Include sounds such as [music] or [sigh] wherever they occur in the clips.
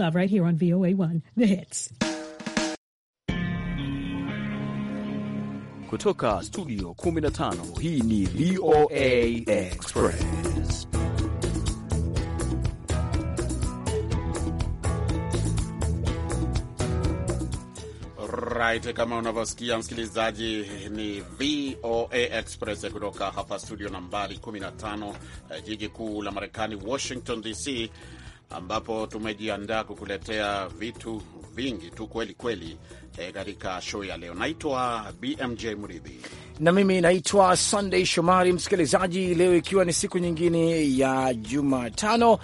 Love right here on VOA1, The Hits. Kutoka studio 15 hii ni VOA Express. Right, kama unavyosikia msikilizaji, ni VOA Express kutoka hapa studio nambari 15 eh, jiji kuu la Marekani Washington DC ambapo tumejiandaa kukuletea vitu vingi tu kweli kweli eh, katika show ya leo. Naitwa BMJ Mridhi na mimi naitwa Sunday Shomari. Msikilizaji, leo ikiwa ni siku nyingine ya Jumatano, uh,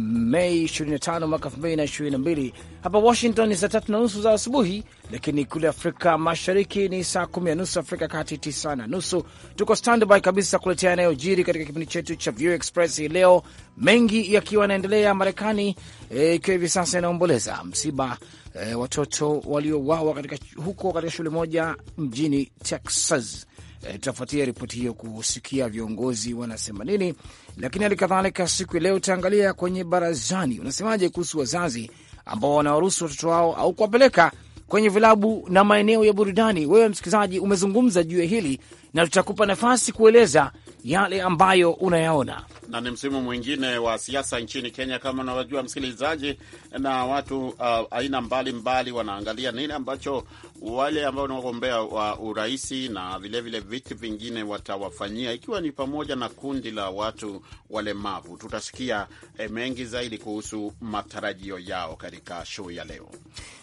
Mei 25 mwaka 2022 hapa Washington ni saa tatu na nusu za asubuhi, lakini kule Afrika Mashariki ni saa kumi na nusu, Afrika Kati tisa na nusu. Tuko standby kabisa kuletea yanayojiri katika kipindi chetu cha View Express hii leo, mengi yakiwa yanaendelea Marekani eh, ikiwa e, hivi sasa inaomboleza msiba e, watoto waliowawa katika, huko katika shule moja mjini Texas. E, tutafuatia ripoti hiyo kusikia viongozi wanasema nini, lakini hali kadhalika siku ya leo utaangalia kwenye barazani, unasemaje kuhusu wazazi ambao wanawaruhusu watoto wao au kuwapeleka kwenye vilabu na maeneo ya burudani. Wewe msikilizaji, umezungumza juu ya hili na tutakupa nafasi kueleza yale ambayo unayaona, na ni msimu mwingine wa siasa nchini Kenya kama unavyojua msikilizaji, na watu uh, aina mbalimbali mbali wanaangalia nini ambacho wale ambao ni wagombea wa uraisi na vilevile viti vingine watawafanyia, ikiwa ni pamoja na kundi la watu walemavu. Tutasikia eh, mengi zaidi kuhusu matarajio yao katika show ya leo.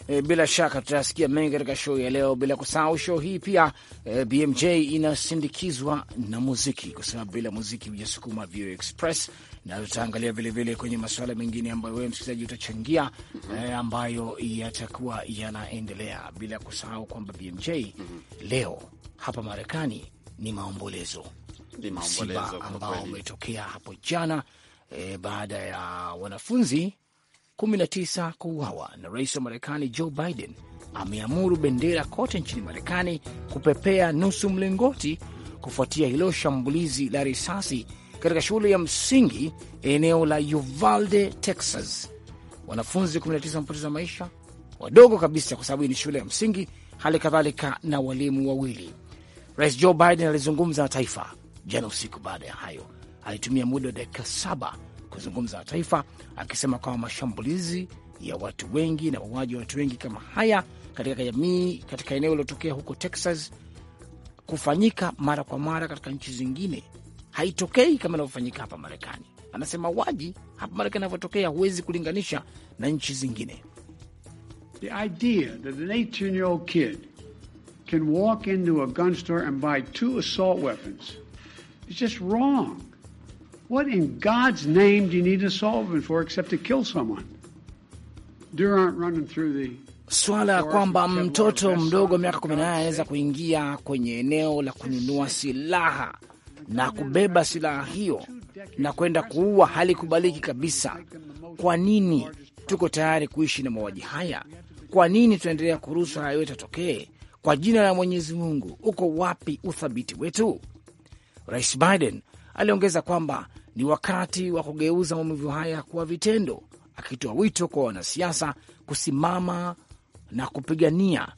E, bila shaka tutasikia mengi katika show ya leo, bila kusahau show hii pia e, eh, BMJ inasindikizwa na muziki kusema bila muziki hujasukuma VOA Express, na tutaangalia vilevile kwenye masuala mengine ambayo wewe msikilizaji utachangia mm -hmm. eh, ambayo yatakuwa yanaendelea, bila kusahau kwamba BMJ mm -hmm. leo hapa Marekani ni maombolezo, msiba ambao umetokea hapo jana eh, baada ya wanafunzi 19 kuuawa na rais wa Marekani Joe Biden ameamuru bendera kote nchini Marekani kupepea nusu mlingoti kufuatia hilo shambulizi la risasi katika shule ya msingi eneo la Uvalde, Texas. Wanafunzi 19 wamepoteza maisha, wadogo kabisa, kwa sababu hii ni shule ya msingi, hali kadhalika na walimu wawili. Rais Joe Biden alizungumza na taifa jana usiku. Baada ya hayo, alitumia muda wa dakika saba kuzungumza na taifa, akisema kwamba mashambulizi ya watu wengi na mauaji ya watu wengi kama haya katika jamii katika eneo lililotokea huko Texas kufanyika mara kwa mara katika nchi zingine haitokei kama inavyofanyika hapa Marekani. Anasema waji hapa Marekani anavyotokea huwezi kulinganisha na nchi zingine. The idea that an 18-year-old kid can walk into a gun store and buy two assault weapons is just wrong. What in God's name do you need an assault weapon for except to kill someone? Deer aren't running through the swala ya kwamba mtoto mdogo wa miaka kumi na nane anaweza kuingia kwenye eneo la kununua silaha na kubeba silaha hiyo na kwenda kuua halikubaliki kabisa. Kwa nini tuko tayari kuishi na mauaji haya? Kwa nini tunaendelea kuruhusu haya yote atokee? Kwa jina la Mwenyezi Mungu, uko wapi uthabiti wetu? Rais Biden aliongeza kwamba ni wakati wa kugeuza maumivu haya kuwa vitendo, akitoa wito kwa wanasiasa kusimama na kupigania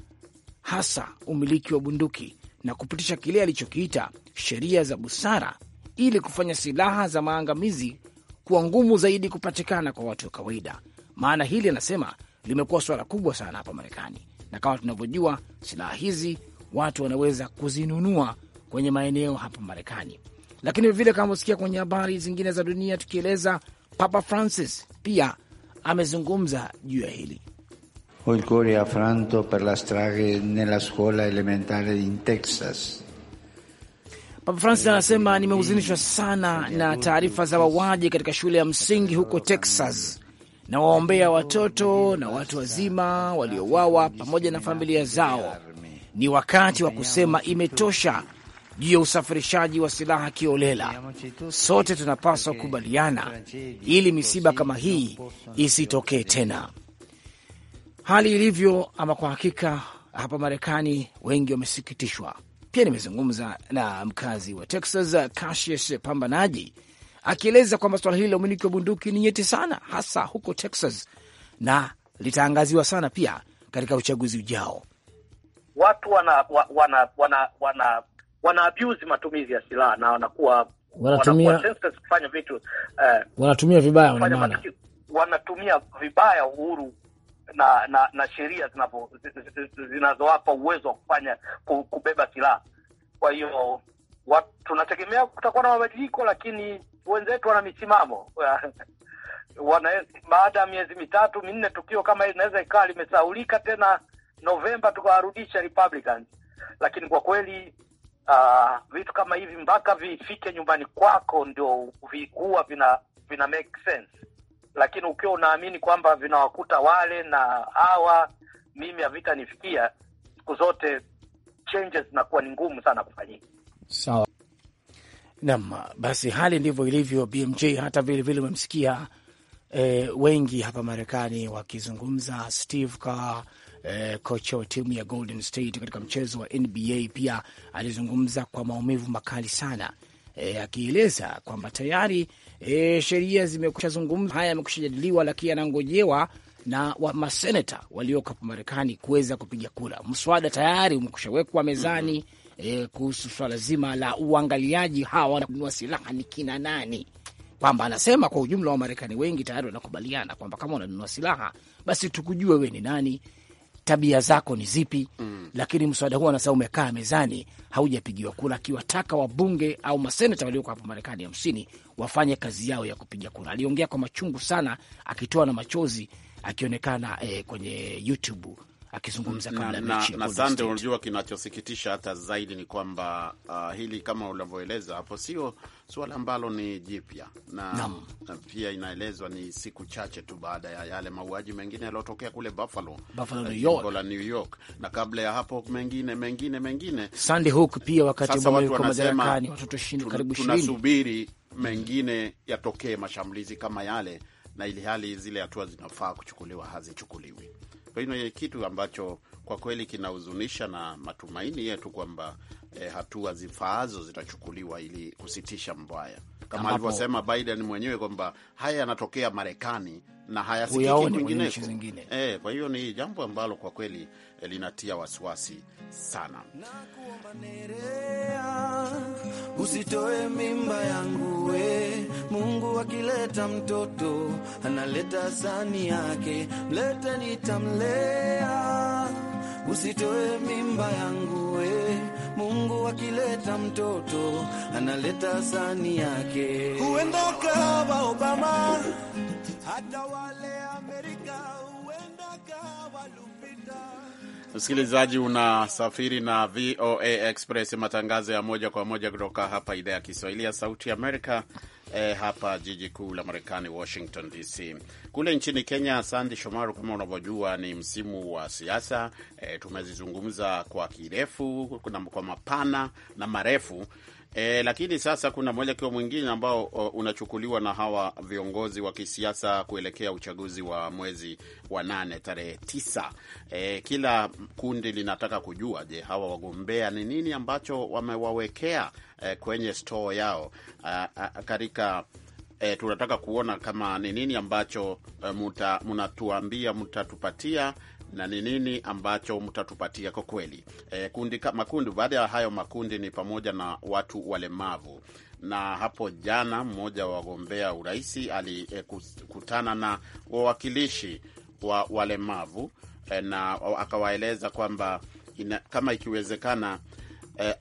hasa umiliki wa bunduki na kupitisha kile alichokiita sheria za busara ili kufanya silaha za maangamizi kuwa ngumu zaidi kupatikana kwa watu wa kawaida. Maana hili anasema limekuwa suala kubwa sana hapa Marekani, na kama tunavyojua, silaha hizi watu wanaweza kuzinunua kwenye maeneo hapa Marekani. Lakini vilevile kama usikia kwenye habari zingine za dunia tukieleza, Papa Francis pia amezungumza juu ya hili. Ho il cuore affranto per la strage nella scuola elementare in Texas. Papa Francis anasema nimehuzunishwa sana na taarifa za wauaji katika shule ya msingi huko Texas. Nawaombea watoto na watu wazima waliouawa pamoja na familia zao. Ni wakati wa kusema imetosha juu ya usafirishaji wa silaha kiolela. Sote tunapaswa kukubaliana ili misiba kama hii isitokee tena hali ilivyo. Ama kwa hakika hapa Marekani wengi wamesikitishwa. Pia nimezungumza na mkazi wa Texas Cassius Pambanaji akieleza kwamba swala hili la umiliki wa bunduki ni nyeti sana, hasa huko Texas na litaangaziwa sana pia katika uchaguzi ujao. Watu wana wana wana wana wana abuse matumizi ya silaha na wanakuwa wanatumia kufanya vitu eh, wanatumia vibaya, wanatumia vibaya uhuru na na, na sheria zinazowapa uwezo wa kufanya kubeba silaha. Kwa hiyo tunategemea kutakuwa na mabadiliko, lakini wenzetu wana misimamo [laughs] wana, baada ya miezi mitatu minne tukio kama hili inaweza ikawa limesaulika tena Novemba tukawarudisha Republicans, lakini kwa kweli uh, vitu kama hivi mpaka vifike nyumbani kwako ndio vikuwa vina, vina make sense lakini ukiwa unaamini kwamba vinawakuta wale na hawa, mimi havitanifikia, siku zote changes zinakuwa ni ngumu sana kufanyika. Sawa. Naam, basi hali ndivyo ilivyo BMJ. Hata vilevile umemsikia e, wengi hapa Marekani wakizungumza Steve Kerr e, kocha wa timu ya Golden State katika mchezo wa NBA pia alizungumza kwa maumivu makali sana e, akieleza kwamba tayari e, sheria zimekushazungumzwa, haya jadiliwa lakini anangojewa na wa maseneta walioko hapa Marekani kuweza kupiga kura. Mswada tayari umekushawekwa mezani mm -hmm. E, kuhusu swala zima la uangaliaji hawa wanakunua silaha ni kina nani, kwamba anasema kwa ujumla wa Marekani wengi tayari wanakubaliana kwamba kama unanunua silaha basi tukujue we ni nani, tabia zako ni zipi? mm. Lakini mswada huu anasema umekaa mezani, haujapigiwa kura, akiwataka wabunge au maseneta walioko hapa Marekani hamsini wafanye kazi yao ya kupiga kura. Aliongea kwa machungu sana, akitoa na machozi, akionekana eh, kwenye YouTube akizungumza kabla na, na sande. Unajua, kinachosikitisha hata zaidi ni kwamba uh, hili kama ulivyoeleza hapo sio suala ambalo ni jipya na, na, na pia inaelezwa ni siku chache tu baada ya yale mauaji mengine yaliyotokea kule Buffalo, Buffalo, uh, New York. La New York na kabla ya hapo mengine mengine mengine Sandy Hook pia wakati ambao madarakani watoto ishirini karibu ishirini tunasubiri mengine yatokee mashambulizi kama yale na ili hali zile hatua zinafaa kuchukuliwa hazichukuliwi. Kwa hiyo ni kitu ambacho kwa kweli kinahuzunisha na matumaini yetu kwamba eh, hatua zifaazo zitachukuliwa ili kusitisha mbaya kama alivyosema Biden mwenyewe kwamba haya yanatokea Marekani na hayasikiki kwingineko eh. Kwa hiyo ni jambo ambalo kwa kweli eh, linatia wasiwasi sana. Usitoe mimba yangu we Mungu, akileta mtoto analeta sani yake, mlete nitamlea. Usitoe mimba yangu we Mungu akileta mtoto analeta sani yake. Huenda kawa Obama, hata wale Amerika, huenda kawa Lupita Msikilizaji, unasafiri na VOA Express, matangazo ya moja kwa moja kutoka hapa idhaa ya Kiswahili ya Sauti ya Amerika. E, hapa jiji kuu la Marekani, Washington DC. Kule nchini Kenya, Sandi Shomaru, kama unavyojua ni msimu wa siasa. E, tumezizungumza kwa kirefu kwa mapana na marefu E, lakini sasa kuna mwelekeo mwingine ambao unachukuliwa na hawa viongozi wa kisiasa kuelekea uchaguzi wa mwezi wa nane tarehe tisa. E, kila kundi linataka kujua, je, hawa wagombea ni nini ambacho wamewawekea e, kwenye store yao katika E, tunataka kuona kama ni nini ambacho e, mnatuambia mutatupatia na ni nini ambacho mtatupatia kwa kweli. E, kundi, makundi baada ya hayo makundi ni pamoja na watu walemavu na hapo jana mmoja wa wagombea urahisi alikutana na wawakilishi wa walemavu e, na akawaeleza kwamba kama ikiwezekana, e,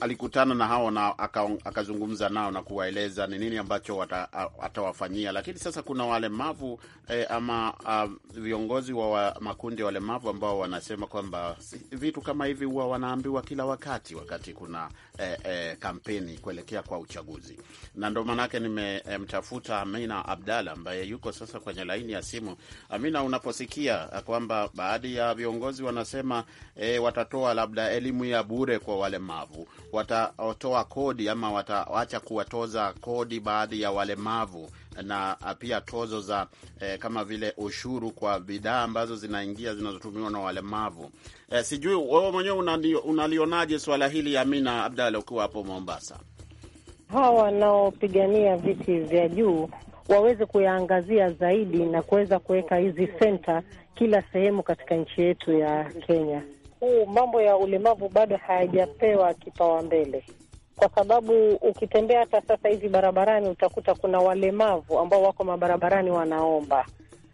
alikutana na hao na akazungumza aka nao na kuwaeleza ni nini ambacho atawafanyia. Lakini sasa kuna walemavu eh, ama uh, viongozi wa, wa makundi ya walemavu ambao wanasema kwamba vitu kama hivi huwa wanaambiwa kila wakati wakati kuna eh, eh, kampeni kuelekea kwa uchaguzi, na ndo maanake nimemtafuta eh, Amina Abdalla ambaye yuko sasa kwenye laini ya simu. Amina, unaposikia kwamba baadhi ya viongozi wanasema eh, watatoa labda elimu ya bure kwa walemavu watatoa kodi ama wataacha kuwatoza kodi baadhi ya walemavu na pia tozo za eh, kama vile ushuru kwa bidhaa ambazo zinaingia zinazotumiwa na walemavu. Eh, sijui wewe mwenyewe unalionaje swala hili Amina Abdala, ukiwa hapo Mombasa? Hawa wanaopigania viti vya juu waweze kuyaangazia zaidi na kuweza kuweka hizi senta kila sehemu katika nchi yetu ya Kenya huu mambo ya ulemavu bado hayajapewa kipaumbele, kwa sababu ukitembea hata sasa hivi barabarani utakuta kuna walemavu ambao wako mabarabarani wanaomba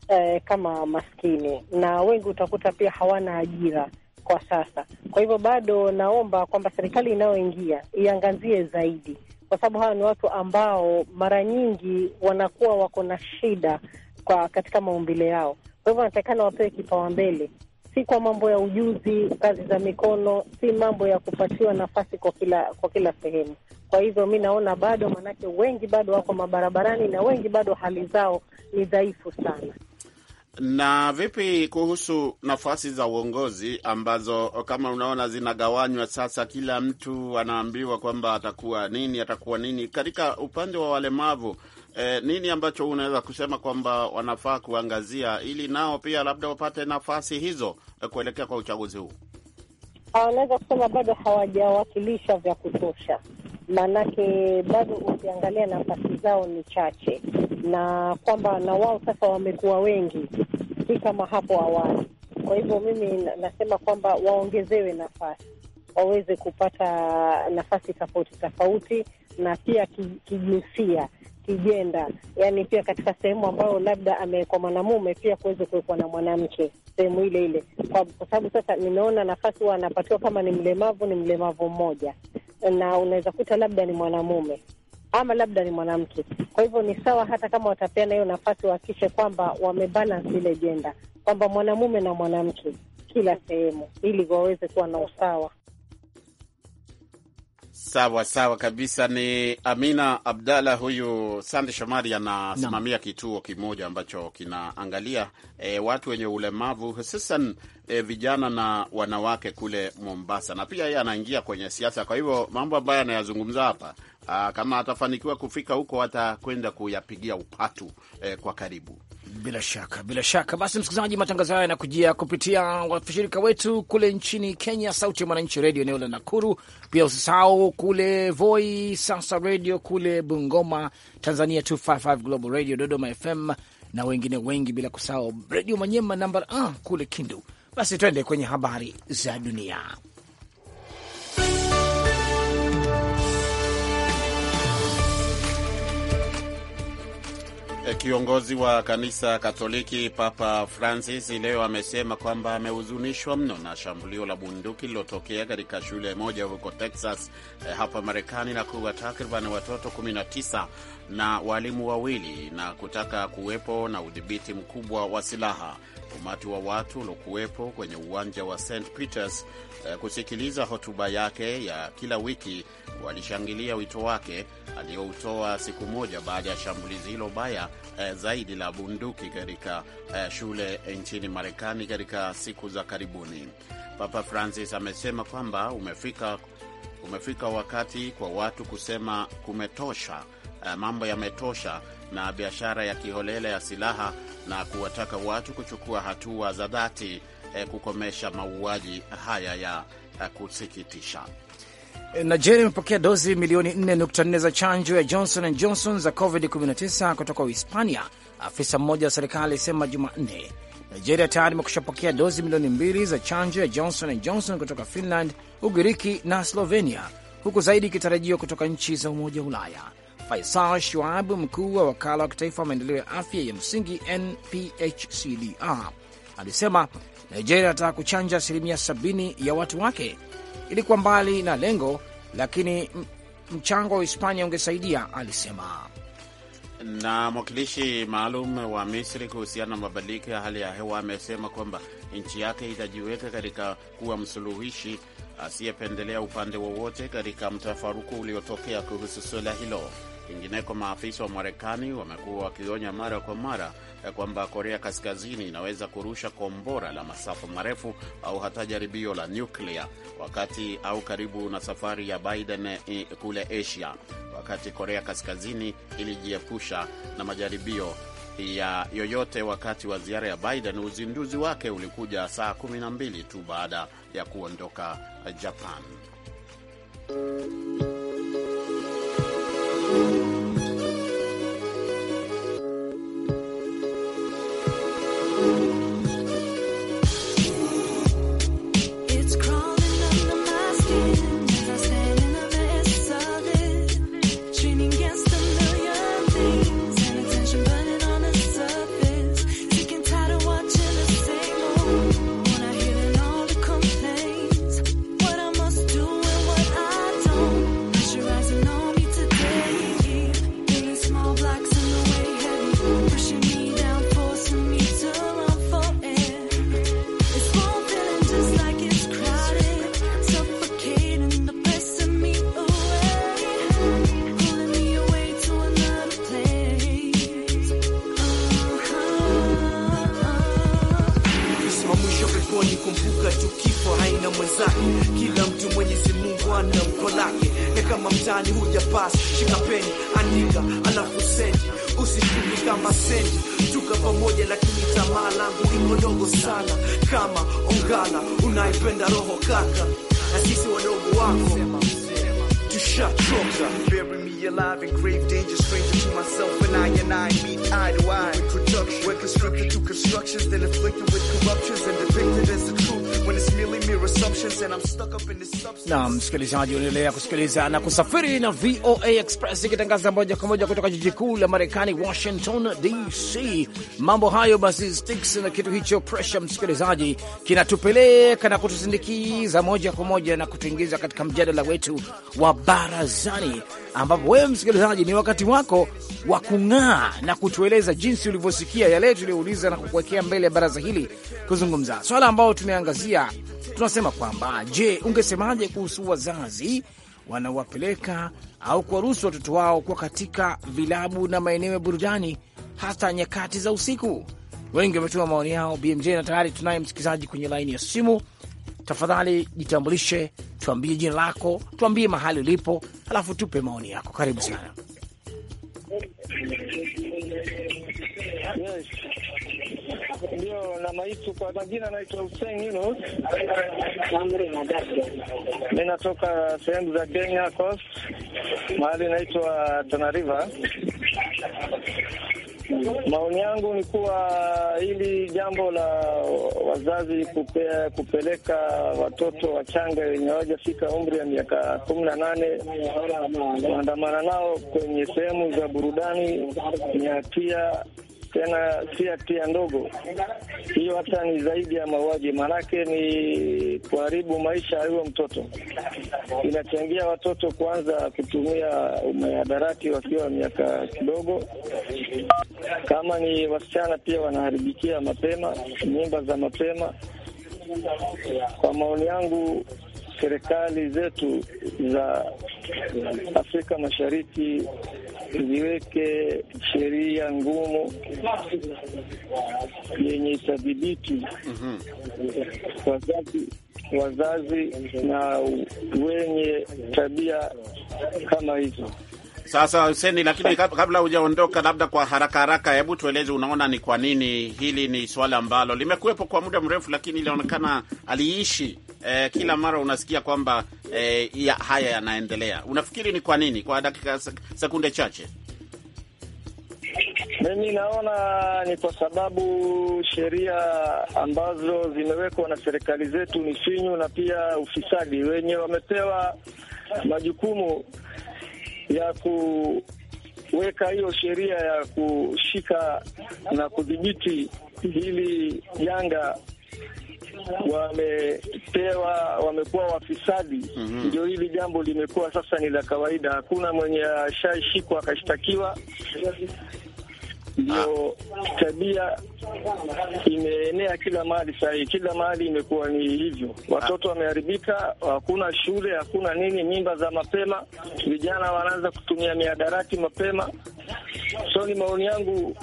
eh, kama maskini, na wengi utakuta pia hawana ajira kwa sasa. Kwa hivyo bado naomba kwamba serikali inayoingia iangazie zaidi, kwa sababu hawa ni watu ambao mara nyingi wanakuwa wako na shida kwa katika maumbile yao. Kwa hivyo wanatakikana wapewe kipaumbele si kwa mambo ya ujuzi, kazi za mikono, si mambo ya kupatiwa nafasi kwa kila kwa kila sehemu. Kwa hivyo mi naona bado, maanake wengi bado wako mabarabarani na wengi bado hali zao ni dhaifu sana. Na vipi kuhusu nafasi za uongozi ambazo kama unaona zinagawanywa sasa, kila mtu anaambiwa kwamba atakuwa nini, atakuwa nini? Katika upande wa walemavu eh, nini ambacho unaweza kusema kwamba wanafaa kuangazia ili nao pia labda wapate nafasi hizo eh, kuelekea kwa uchaguzi huu? Wanaweza ah, kusema bado hawajawakilisha vya kutosha, maanake bado ukiangalia nafasi zao ni chache, na kwamba na wao sasa wamekuwa wengi, si kama hapo awali. Kwa hivyo mimi nasema kwamba waongezewe nafasi waweze kupata nafasi tofauti tofauti, na pia kijinsia ki kijenda, yani pia katika sehemu ambayo labda amewekwa mwanamume pia kuweze kuwekwa na mwanamke sehemu ile ile, kwa sababu sasa nimeona nafasi huwa anapatiwa kama ni mlemavu, ni mlemavu mmoja, na unaweza kuta labda ni mwanamume ama labda ni mwanamke. Kwa hivyo ni sawa, hata kama watapeana hiyo nafasi, wahakikishe kwamba wamebalance ile jenda, kwamba mwanamume na mwanamke kila sehemu, ili waweze kuwa na usawa. Sawa sawa kabisa. Ni Amina Abdalla huyu. Sande Shomari anasimamia kituo kimoja ambacho kinaangalia e, watu wenye ulemavu hususan e, vijana na wanawake kule Mombasa, na pia yeye anaingia kwenye siasa. Kwa hivyo mambo ambayo anayazungumza hapa Aa, ah, kama atafanikiwa kufika huko atakwenda kuyapigia upatu eh, kwa karibu. Bila shaka, bila shaka. Basi msikilizaji, matangazo haya yanakujia kupitia washirika wetu kule nchini Kenya, Sauti ya Mwananchi Redio eneo la Nakuru, pia usisahau kule Voi Sasa Redio kule Bungoma, Tanzania 255 Global Radio, Dodoma FM na wengine wengi, bila kusahau Redio Manyema namba ah, kule Kindu. Basi twende kwenye habari za dunia. Eh, kiongozi wa kanisa Katoliki Papa Francis leo amesema kwamba amehuzunishwa mno na shambulio la bunduki lilotokea katika shule moja huko Texas eh, hapa Marekani na kuwa takriban watoto 19 na walimu wawili na kutaka kuwepo na udhibiti mkubwa wa silaha umati wa watu uliokuwepo kwenye uwanja wa St Peters eh, kusikiliza hotuba yake ya kila wiki walishangilia wito wake aliyoutoa siku moja baada ya shambulizi hilo baya eh, zaidi la bunduki katika eh, shule nchini Marekani katika siku za karibuni. Papa Francis amesema kwamba umefika, umefika wakati kwa watu kusema kumetosha, eh, mambo yametosha na biashara ya kiholela ya silaha na kuwataka watu kuchukua hatua za dhati eh, kukomesha mauaji haya ya eh, kusikitisha. Eh, Nigeria imepokea dozi milioni 4.4 za chanjo ya Johnson and Johnson za COVID-19 kutoka Uhispania, afisa mmoja wa serikali alisema Jumanne. Nigeria tayari imekushapokea dozi milioni mbili za chanjo ya Johnson and Johnson kutoka Finland, Ugiriki na Slovenia, huku zaidi ikitarajiwa kutoka nchi za Umoja wa Ulaya. Faisal Shuab, mkuu wa wakala wa kitaifa wa maendeleo ya afya ya msingi NPHCDR, alisema Nigeria inataka kuchanja asilimia 70 ya watu wake. Ilikuwa mbali na lengo, lakini mchango wa Hispania ungesaidia, alisema. Na mwakilishi maalum wa Misri kuhusiana na mabadiliko ya hali ya hewa amesema kwamba nchi yake itajiweka katika kuwa msuluhishi asiyependelea upande wowote katika mtafaruku uliotokea kuhusu suala hilo. Kwingineko, maafisa wa Marekani wamekuwa wakionya mara kwa mara kwamba Korea Kaskazini inaweza kurusha kombora la masafa marefu au hata jaribio la nyuklia wakati au karibu na safari ya Biden eh, kule Asia, wakati Korea Kaskazini ilijiepusha na majaribio ya yoyote wakati wa ziara ya Biden. Uzinduzi wake ulikuja saa 12 tu baada ya kuondoka Japan. Thank you. kama senti tuka pamoja, lakini tamaa langu liko dogo sana kama ongala unaipenda roho kaka, na sisi wadogo wako tushachoka. Bury me alive in grave danger, stranger to myself and I and I meet eye to eye. we're constructed to constructions, then afflicted with corruptions and depicted as a na msikilizaji, unaendelea kusikiliza na kusafiri na VOA Express ikitangaza moja kwa moja kutoka jiji kuu la Marekani, Washington DC. Mambo hayo basi, sticks na kitu hicho pressure, msikilizaji, kinatupeleka na kutusindikiza moja kwa moja na kutuingiza katika mjadala wetu wa barazani ambapo wewe msikilizaji, ni wakati wako wa kung'aa na kutueleza jinsi ulivyosikia yale tuliyouliza na kukuwekea mbele ya baraza hili kuzungumza swala ambayo tumeangazia. Tunasema kwamba je, ungesemaje kuhusu wazazi wanawapeleka au kuwaruhusu watoto wao kuwa katika vilabu na maeneo ya burudani hata nyakati za usiku? Wengi wametuma maoni yao BMJ, na tayari tunaye msikilizaji kwenye laini ya simu tafadhali jitambulishe, tuambie jina lako, tuambie mahali ulipo, alafu tupe maoni yako. Karibu sana. Yes. Ndio, na maitu kwa majina naitwa Hussein Yunus, ninatoka sehemu za Kenya Coast, mahali naitwa Tana River. Maoni yangu ni kuwa hili jambo la wazazi kupea, kupeleka watoto wachanga wenye hawajafika umri ya miaka kumi na nane kuandamana nao kwenye sehemu za burudani ni hatia tena si hatia ndogo hiyo, hata ni zaidi ya mauaji, maanake ni kuharibu maisha ya huyo mtoto. Inachangia watoto kuanza kutumia mahadarati wakiwa miaka kidogo, kama ni wasichana pia wanaharibikia mapema, mimba za mapema. Kwa maoni yangu serikali zetu za Afrika Mashariki ziweke sheria ngumu yenye itadhibiti wazazi wazazi na wenye tabia kama hizo. Sasa Huseni, lakini kabla hujaondoka, labda kwa haraka haraka, hebu tueleze, unaona ni kwa nini hili ni suala ambalo limekuwepo kwa muda mrefu, lakini ilionekana aliishi eh, kila mara unasikia kwamba eh, ya, haya yanaendelea. Unafikiri ni kwa nini? Kwa dakika sekunde chache. Mimi naona ni kwa sababu sheria ambazo zimewekwa na serikali zetu ni finyu, na pia ufisadi. Wenye wamepewa majukumu ya kuweka hiyo sheria ya kushika na kudhibiti hili janga wamepewa, wamekuwa wafisadi, mhm. ndio mm -hmm. Hili jambo limekuwa sasa ni la kawaida, hakuna mwenye ashashikwa akashtakiwa ndio tabia imeenea kila mahali sasa kila mahali imekuwa ni hivyo, watoto wameharibika, hakuna shule, hakuna nini, mimba za mapema, vijana wanaanza kutumia miadarati mapema. So ni maoni yangu,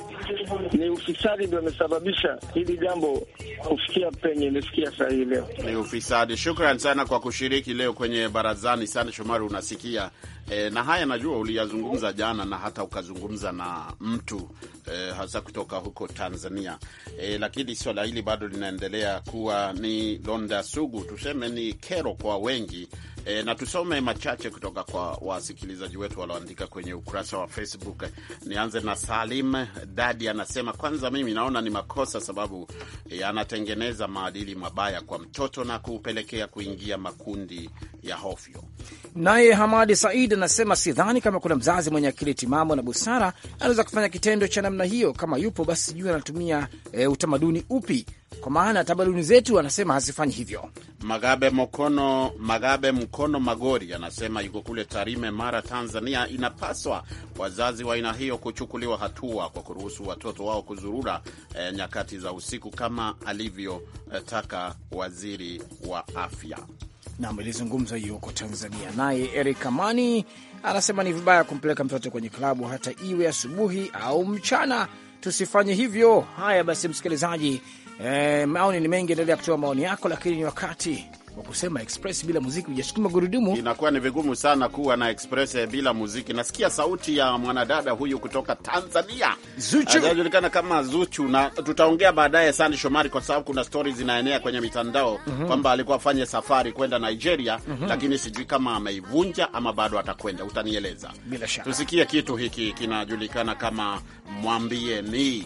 ni ufisadi ndio amesababisha hili jambo kufikia penye imefikia sahihi leo, ni ufisadi. Shukran sana kwa kushiriki leo kwenye barazani. Sana Shomari, unasikia e, na haya najua uliyazungumza jana na hata ukazungumza na mtu eh, hasa kutoka huko Tanzania eh, lakini swala hili bado linaendelea kuwa ni londa sugu, tuseme ni kero kwa wengi E, na tusome machache kutoka kwa wasikilizaji wetu walioandika kwenye ukurasa wa Facebook. Nianze na Salim Dadi, anasema kwanza, mimi naona ni makosa sababu e, anatengeneza maadili mabaya kwa mtoto na kuupelekea kuingia makundi ya hofyo. Naye Hamadi Said anasema sidhani kama kuna mzazi mwenye akili timamu na busara anaweza kufanya kitendo cha namna hiyo. Kama yupo basi sijui anatumia e, utamaduni upi kwa maana tamaduni zetu anasema hazifanyi hivyo. Magabe Mkono, Magabe Mkono Magori anasema yuko kule Tarime, Mara, Tanzania. Inapaswa wazazi wa aina hiyo kuchukuliwa hatua kwa kuruhusu watoto wao kuzurura eh, nyakati za usiku kama alivyotaka eh, waziri wa afya. Nam ilizungumza hiyo huko Tanzania. Naye Eric Amani anasema ni vibaya kumpeleka mtoto kwenye klabu hata iwe asubuhi au mchana, tusifanye hivyo. Haya basi, msikilizaji E, maoni ni mengi, endelea kutoa maoni yako, lakini ni wakati wa kusema express bila muziki hujasukuma gurudumu. Inakuwa ni vigumu sana kuwa na express eh, bila muziki. Nasikia sauti ya mwanadada huyu kutoka Tanzania, Zuchu, anajulikana kama Zuchu, na tutaongea baadaye sandi Shomari, kwa sababu kuna stori zinaenea kwenye mitandao mm -hmm. kwamba alikuwa afanye safari kwenda Nigeria mm -hmm. lakini sijui kama ameivunja ama bado atakwenda, utanieleza bila shaka. Tusikie kitu hiki kinajulikana kama mwambie ni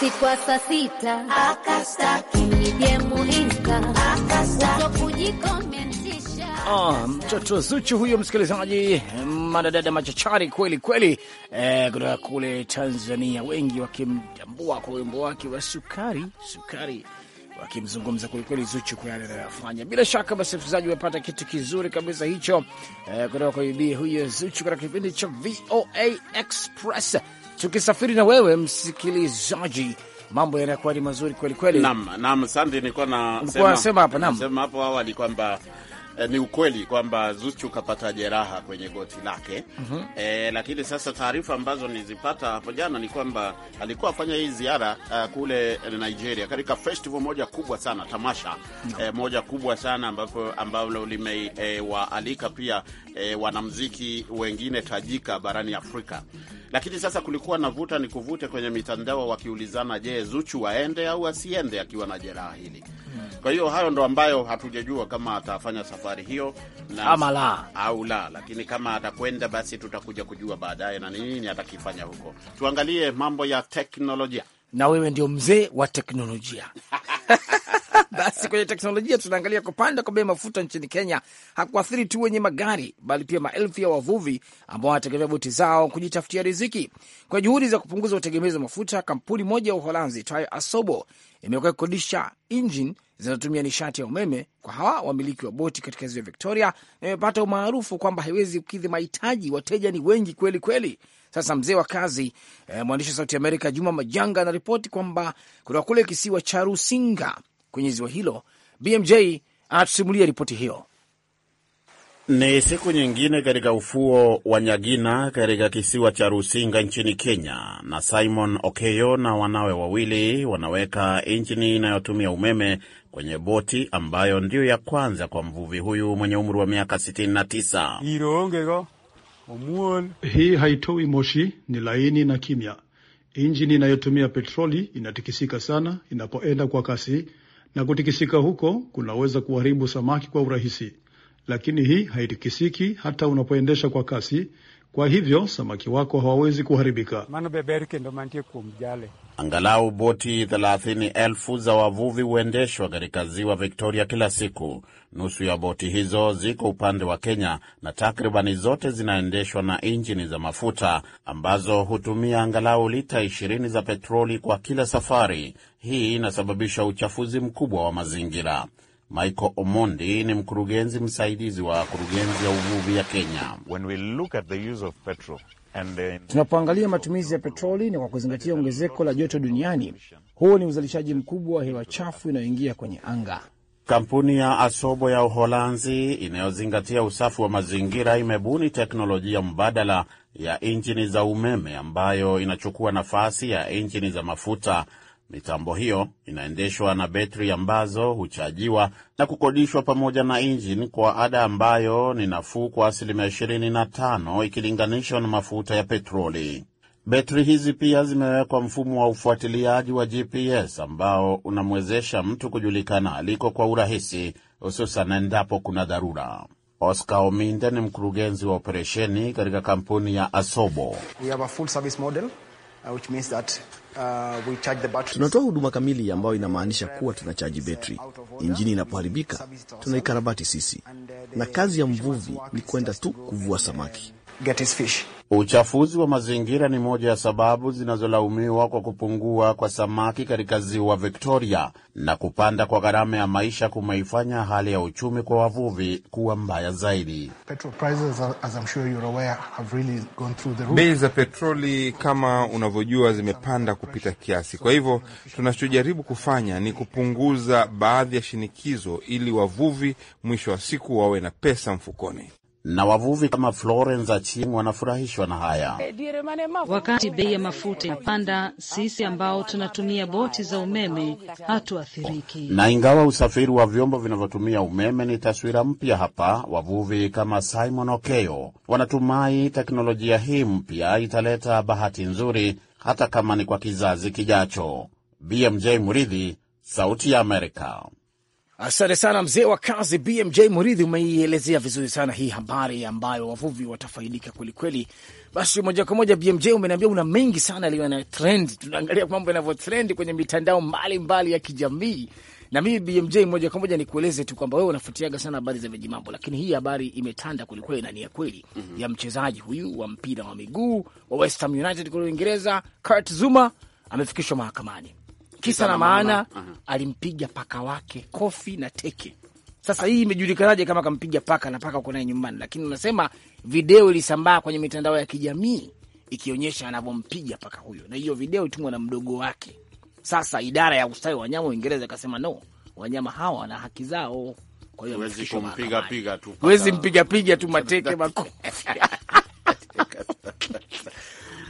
siku saa sita akastaki nijemuhinga kutokujikommentisha. Oh, mtoto Zuchu huyo msikilizaji, madadada machachari kweli kweli, eh, kutoka kule Tanzania, wengi wakimtambua kwa wimbo wake wa sukari sukari wakimzungumza kwelikweli Zuchu kwa yale anayofanya. Bila shaka basi, msikilizaji, umepata kitu kizuri kabisa hicho, eh, kutoka kwa bibi huyo Zuchu katika kipindi cha VOA Express tukisafiri na wewe msikilizaji, mambo yanakuwa ni mazuri kweli kweli. Naam, naam, Nilikuwa nasema hapa, naam, nasema hapo awali kwamba eh, ni ukweli kwamba Zuchu kapata jeraha kwenye goti lake mm -hmm. Eh, lakini sasa taarifa ambazo nizipata hapo jana ni kwamba alikuwa afanya hii ziara uh, kule Nigeria katika festival moja kubwa sana tamasha mm -hmm. eh, moja kubwa sana ambapo ambalo limewaalika eh, pia eh, wanamziki wengine tajika barani Afrika lakini sasa kulikuwa na vuta ni kuvute kwenye mitandao, wakiulizana, je, Zuchu waende au asiende akiwa na jeraha hili? Kwa hiyo hayo ndo ambayo hatujajua kama atafanya safari hiyo na ama la au la, lakini kama atakwenda basi tutakuja kujua baadaye na nini atakifanya huko. Tuangalie mambo ya teknolojia, na wewe ndio mzee wa teknolojia [laughs] [laughs] Basi kwenye teknolojia tunaangalia kupanda kwa bei mafuta nchini Kenya hakuathiri tu wenye magari, bali pia maelfu ya wavuvi ambao wanategemea boti zao kujitafutia riziki. Kwa juhudi za kupunguza utegemezi wa mafuta, kampuni moja ya Uholanzi tayo Asobo imekuwa kukodisha injini zinazotumia nishati ya umeme kwa hawa wamiliki wa boti katika ziwa Victoria, na imepata umaarufu kwamba haiwezi kukidhi mahitaji. Wateja ni wengi kweli kweli. Sasa mzee wa kazi eh, mwandishi wa Sauti Amerika Juma Majanga anaripoti kwamba kutoka kule kisiwa cha Rusinga kwenye ziwa hilo. BMJ anatusimulia ripoti hiyo. Ni siku nyingine katika ufuo wa Nyagina katika kisiwa cha Rusinga nchini Kenya, na Simon Okeyo na wanawe wawili wanaweka injini inayotumia umeme kwenye boti ambayo ndiyo ya kwanza kwa mvuvi huyu mwenye umri wa miaka 69. Hii haitoi moshi, ni laini na kimya. Injini inayotumia petroli inatikisika sana inapoenda kwa kasi na kutikisika huko kunaweza kuharibu samaki kwa urahisi, lakini hii haitikisiki hata unapoendesha kwa kasi, kwa hivyo samaki wako hawawezi kuharibika. Angalau boti thelathini elfu za wavuvi huendeshwa katika ziwa Victoria kila siku. Nusu ya boti hizo ziko upande wa Kenya na takribani zote zinaendeshwa na injini za mafuta ambazo hutumia angalau lita 20 za petroli kwa kila safari. Hii inasababisha uchafuzi mkubwa wa mazingira. Michael Omondi ni mkurugenzi msaidizi wa kurugenzi ya uvuvi ya Kenya. tunapoangalia matumizi ya petroli na kwa kuzingatia ongezeko la joto duniani, huo ni uzalishaji mkubwa wa hewa chafu inayoingia kwenye anga. Kampuni ya Asobo ya Uholanzi inayozingatia usafi wa mazingira imebuni teknolojia mbadala ya injini za umeme ambayo inachukua nafasi ya injini za mafuta Mitambo hiyo inaendeshwa na betri ambazo huchajiwa na kukodishwa pamoja na injini kwa ada ambayo ni nafuu kwa asilimia 25 ikilinganishwa na mafuta ya petroli. Betri hizi pia zimewekwa mfumo wa ufuatiliaji wa GPS ambao unamwezesha mtu kujulikana aliko kwa urahisi, hususan endapo kuna dharura. Oscar Ominde ni mkurugenzi wa operesheni katika kampuni ya Asobo. We have a full Uh, tunatoa huduma kamili ambayo inamaanisha kuwa tunachaji betri. Injini inapoharibika tunaikarabati sisi, na kazi ya mvuvi ni kwenda tu kuvua samaki get his fish. Uchafuzi wa mazingira ni moja ya sababu zinazolaumiwa kwa kupungua kwa samaki katika ziwa Victoria, na kupanda kwa gharama ya maisha kumeifanya hali ya uchumi kwa wavuvi kuwa mbaya zaidi. Bei za petroli, kama unavyojua, zimepanda kupita kiasi. Kwa hivyo tunachojaribu kufanya ni kupunguza baadhi ya shinikizo, ili wavuvi mwisho wa siku wawe na pesa mfukoni na wavuvi kama Florence Achieng wanafurahishwa na haya. Wakati bei ya mafuta inapanda, sisi ambao tunatumia boti za umeme hatuathiriki. Na ingawa usafiri wa vyombo vinavyotumia umeme ni taswira mpya hapa, wavuvi kama Simon Okeo wanatumai teknolojia hii mpya italeta bahati nzuri, hata kama ni kwa kizazi kijacho. BMJ Muridhi, Sauti ya Amerika. Asante sana mzee wa kazi BMJ Muridhi, umeielezea vizuri sana hii habari ambayo wavuvi watafaidika kwelikweli. Basi moja kwa moja, BMJ umeniambia una mengi sana yaliyo na trend, tunaangalia mambo yanavyo trend kwenye mitandao mbalimbali mbali ya kijamii na mimi BMJ moja kwa moja nikueleze tu kwamba wewe unafuatiaga sana habari za vijimambo, lakini hii habari imetanda kwelikweli na ni ya kweli mm -hmm. ya mchezaji huyu wa mpira wa miguu wa West Ham United kule Uingereza, Kurt Zuma amefikishwa mahakamani kisa na maana Alimpiga paka wake kofi na teke. Sasa hii imejulikanaje kama kampiga paka na paka uko naye nyumbani? Lakini unasema video ilisambaa kwenye mitandao ya kijamii ikionyesha anavyompiga paka huyo, na hiyo video itumwa na mdogo wake. Sasa idara ya ustawi wa wanyama Uingereza ikasema no, wanyama hawa wana haki zao, kwa hiyo huwezi kumpiga piga tu, huwezi mpiga piga tu mateke [laughs] makofi [laughs]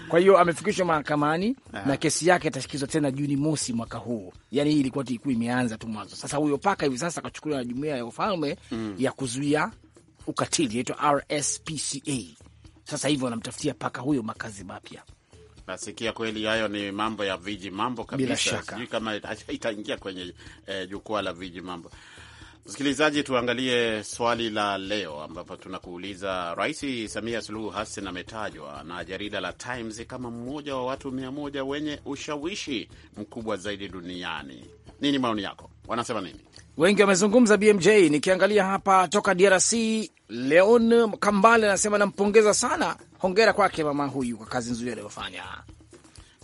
Kwa hiyo amefikishwa mahakamani na kesi yake itasikizwa tena Juni mosi mwaka huu. Yani hii ilikuwa ilikuwa imeanza tu mwanzo. Sasa huyo paka hivi sasa akachukuliwa na jumuia ya ufalme mm. ya kuzuia ukatili inaitwa RSPCA. Sasa hivi wanamtafutia paka huyo makazi mapya. Nasikia kweli hayo ni mambo ya viji mambo kabisa. Sijui kama itaingia kwenye eh, jukwaa la viji mambo. Msikilizaji, tuangalie swali la leo ambapo tunakuuliza Rais Samia Suluhu Hassan ametajwa na jarida la Times kama mmoja wa watu mia moja wenye ushawishi mkubwa zaidi duniani. Nini maoni yako? Wanasema nini? Wengi wamezungumza BMJ. Nikiangalia hapa toka DRC, Leon Kambale anasema nampongeza sana, hongera kwake mama huyu kwa kazi nzuri aliyofanya.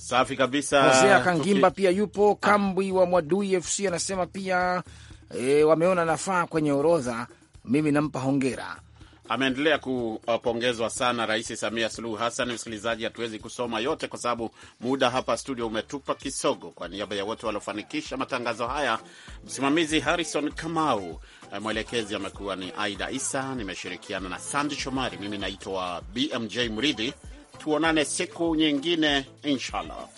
Safi kabisa. Hosea Kangimba Tuki. pia yupo Kambwi wa Mwadui FC anasema pia e, wameona nafaa kwenye orodha. Mimi nampa hongera. Ameendelea kupongezwa sana Rais Samia Suluhu Hassan. Msikilizaji, hatuwezi kusoma yote kwa sababu muda hapa studio umetupa kisogo. Kwa niaba ya wote waliofanikisha matangazo haya, msimamizi Harrison Kamau, eh, mwelekezi amekuwa ni Aida Isa, nimeshirikiana na Sandi Shomari, mimi naitwa BMJ Mridhi. Tuonane siku nyingine inshallah.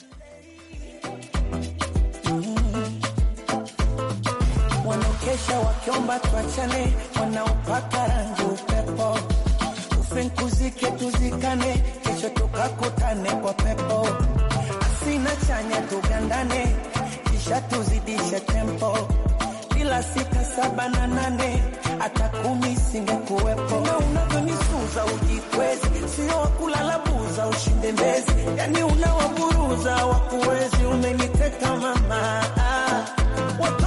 wanaonesha wakiomba tuachane, wanaopaka rangi upepo, ufe nkuzike tuzikane, kesho tukakutane kwa pepo, asina chanya tugandane, kisha tuzidishe tempo, bila sita saba na nane hata kumi singekuwepo. Na unavyonisuza ujikwezi, sio wakulala buza, ushinde mbezi, yani unawaburuza wakuwezi, umeniteka mama ah,